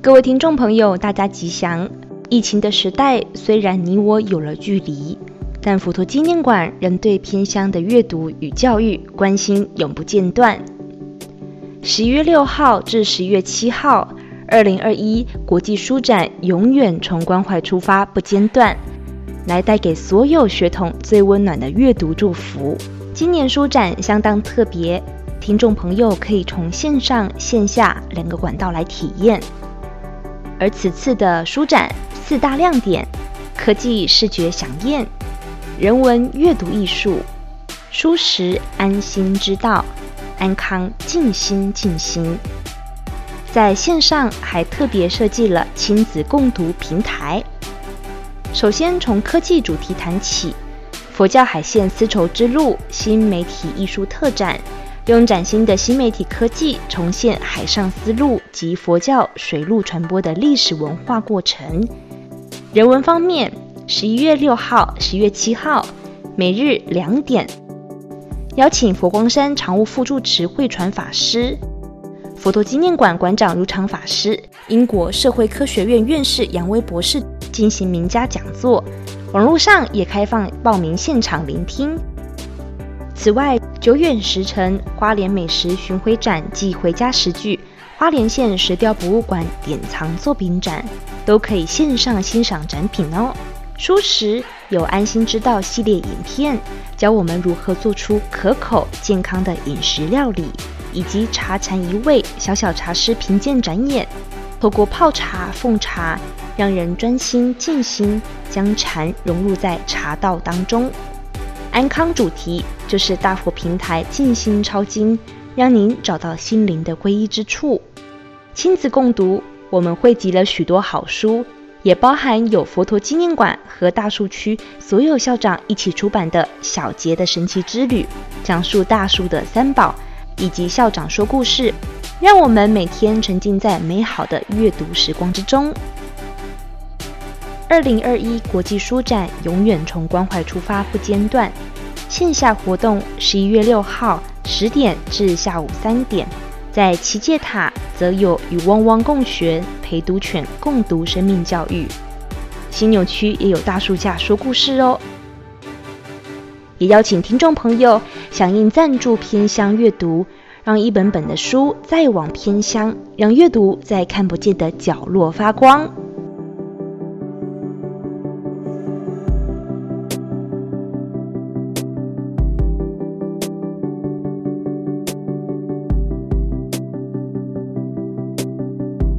各位聽眾朋友，大家吉祥！疫情的時代，雖然你我有了距離，但佛陀紀念館仍對偏鄉的閱讀與教育關心永不間斷。十一月六號至十一月七號，二零二一國際書展永遠從關懷出發，不間斷，來帶給所有學童最溫暖的閱讀祝福。今年書展相當特別，聽眾朋友可以從線上線下兩個管道來體驗。而此次的書展四大亮點：科技視覺饗宴、人文閱讀藝術、書食安心之道、安康靜心靜心。在線上還特別設計了親子共讀平台。首先從科技主題談起，《佛教海線絲綢之路新媒體藝術特展》。用嶄新的新媒體科技，重現海上絲路及佛教水陸傳播的歷史文化過程。人文方面，十一月六號、十一月七號，每日兩點，邀請佛光山常務副住持慧傳法師、佛陀紀念館館，館長如常法師、英國社會科學院院士楊威博士進行名家講座。網絡上也開放報名，現場聆聽。此外，久遠石城花蓮美食巡回展及回家食具、花蓮縣石雕博物館典藏作品展都可以線上欣賞展品哦。蔬食有安心之道系列影片，教我們如何做出可口健康的飲食料理，以及茶禪一味小小茶師品鑑展演，透過泡茶奉茶，讓人專心靜心，將禪融入在茶道當中。安康主題就是大佛平台靜心抄經，讓您找到心靈的皈依之處。親子共讀，我們彙集了許多好書，也包含有佛陀紀念館和大樹區所有校長一起出版的《小傑的神奇之旅》，講述大樹的三寶，以及校長說故事，讓我們每天沉浸在美好的閱讀時光之中。二零二一國際書展永遠從關懷出發，不間斷。線下活動十一月六號十點至下午三點，在奇界塔則有與汪汪共學陪讀犬共讀生命教育。新紐區也有大樹下說故事哦。也邀請聽眾朋友響應贊助偏鄉閱讀，讓一本本的書再往偏鄉，讓閱讀在看不見的角落發光。